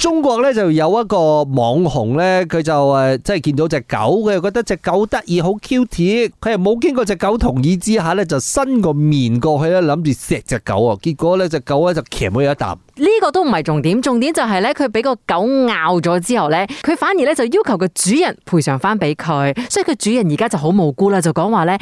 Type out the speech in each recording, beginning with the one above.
中國咧就有一個網紅咧，佢就誒，即係見到隻狗，佢又覺得隻狗得意好 cute 佢又冇經過隻狗同意之下咧，就伸個面過去咧，諗住錫隻狗啊，結果呢隻狗咧就騎咗佢一啖。呢個都唔係重點，重點就係咧，佢俾個狗咬咗之後咧，佢反而咧就要求個主人賠償翻俾佢，所以佢主人而家就好無辜啦，就講話咧，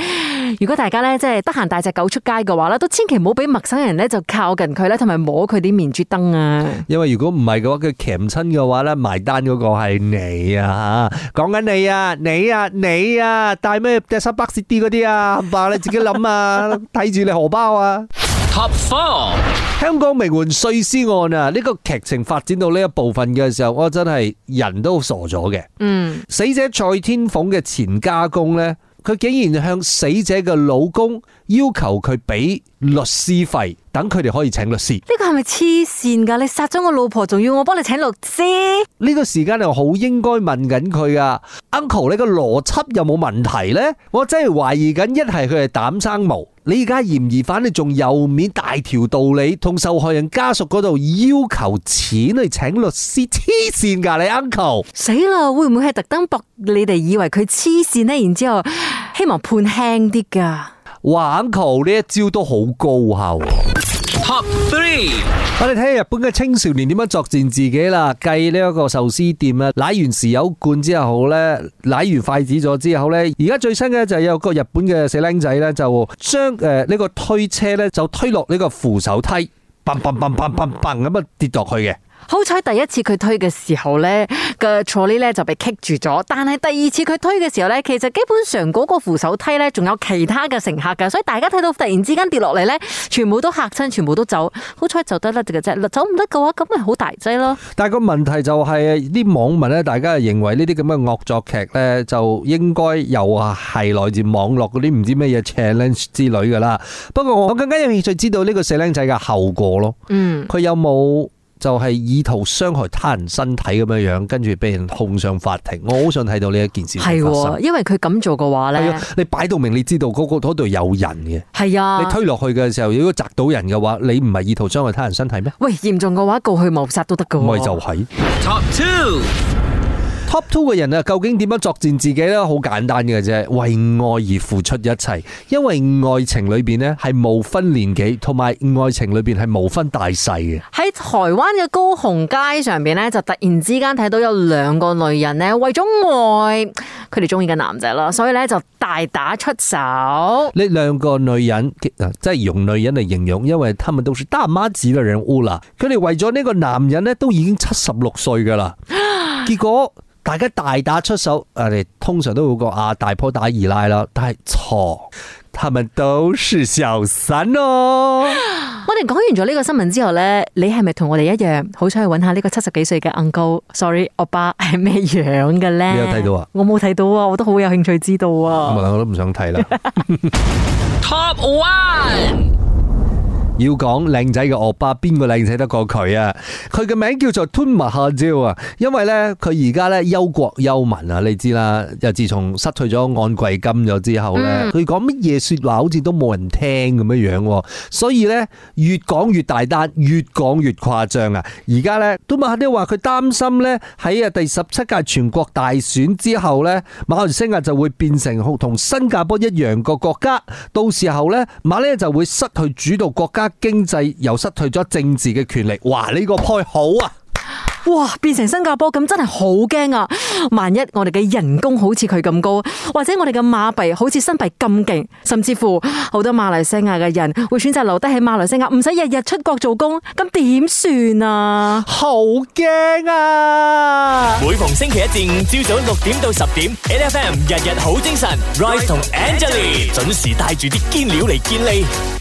如果大家咧即係得閒帶隻狗出街嘅話咧，都千祈唔好俾陌生人咧就靠近佢咧，同埋摸佢啲面珠燈啊。因為如果唔係嘅話，佢。夾唔親嘅話咧，埋單嗰個係你啊！吓，講緊你啊，你啊，你啊，帶咩 death box 啲嗰啲啊，唔罷你自己諗啊，睇住你荷包啊。Top four 香港名媛碎屍案啊，呢個劇情發展到呢一部分嘅時候，我真係人都傻咗嘅。嗯，死者蔡天鳳嘅前家公咧。佢竟然向死者嘅老公要求佢俾律師費，等佢哋可以請律師。呢個係咪黐線噶？你殺咗我老婆，仲要我幫你請律師？呢個時間係好應該問緊佢噶，uncle，你個邏輯有冇問題呢？我真係懷疑緊，一係佢係膽生毛，你而家嫌疑犯你仲有面大條道理，同受害人家屬嗰度要求錢去請律師，黐線噶，你 uncle？死啦！會唔會係特登博你哋以為佢黐線呢？然之後。希望判輕啲噶，網球呢一招都好高效啊。Top three，我哋睇下日本嘅青少年點樣作賤自己啦。計呢一個壽司店啊，瀨完豉油罐之後咧，瀨完筷子咗之後咧，而家最新嘅就係有個日本嘅死僆仔咧，就將誒呢個推車咧就推落呢個扶手梯，嘣嘣嘣嘣嘣嘣咁啊跌落去嘅。好彩第一次佢推嘅時候咧，個坐呢咧就被棘住咗。但係第二次佢推嘅時候咧，其實基本上嗰個扶手梯咧仲有其他嘅乘客噶，所以大家睇到突然之間跌落嚟咧，全部都嚇親，全部都走。好彩走得甩嘅啫，走唔得嘅話咁咪好大劑咯。但係個問題就係、是、啲網民咧，大家係認為呢啲咁嘅惡作劇咧就應該由係來自網絡嗰啲唔知咩嘢 challenge 之類噶啦。不過我更加有興趣知道呢個死僆仔嘅後果咯。嗯，佢有冇？就係意圖傷害他人身體咁樣樣，跟住俾人控上法庭。我好想睇到呢一件事。係，因為佢咁做嘅話咧，你擺到明，你知道嗰個度有人嘅。係啊的，你推落去嘅時候，如果砸到人嘅話，你唔係意圖傷害他人身體咩？喂，嚴重嘅話告佢謀殺都得㗎。咪就係、是。Top two. Top Two 嘅人啊，究竟點樣作賤自己呢？好簡單嘅啫，為愛而付出一切。因為愛情裏邊咧係無分年紀，同埋愛情裏邊係無分大細嘅。喺台灣嘅高雄街上邊呢，就突然之間睇到有兩個女人呢，為咗愛佢哋中意嘅男仔咯，所以呢，就大打出手。呢兩個女人，即係用女人嚟形容，因為她們都是大媽子嘅人物啦。佢哋為咗呢個男人呢，都已經七十六歲噶啦，結果。大家大打出手，我、啊、哋通常都會講啊大婆打二奶啦，但係錯，他們都是小三咯、哦。 我哋講完咗呢個新聞之後咧，你係咪同我哋一樣好想去搵下個叔叔 Sorry, 爸爸呢個七十幾歲嘅 Uncle，sorry，我爸係咩樣嘅咧？你有睇到啊？我冇睇到啊，我都好有興趣知道啊。我都唔想睇啦。 Top one。要講靚仔嘅惡霸，邊個靚仔得過佢啊？佢嘅名叫做敦馬哈迪啊！因為呢，佢而家呢，憂國憂民啊！你知啦，又自從失去咗按櫃金咗之後呢，佢講乜嘢說話好似都冇人聽咁樣樣，所以呢，越講越大膽，越講越誇張啊！而家呢，敦馬哈迪話佢擔心呢，喺啊第十七屆全國大選之後咧，馬來西亞就會變成同新加坡一樣個國家，到時候咧馬嚟就會失去主導國家。經濟又失去咗政治嘅權力，哇！呢個開好啊！哇，變成新加坡咁真係好驚啊！萬一我哋嘅人工好似佢咁高，或者我哋嘅馬幣好似新幣咁勁，甚至乎好多馬來西亞嘅人會選擇留低喺馬來西亞，唔使日日出國做工，咁點算啊？好驚啊！每逢星期一至五朝早六點到十點，N F M 日日好精神 Right 同 Angelina 準時帶住啲堅料嚟健力。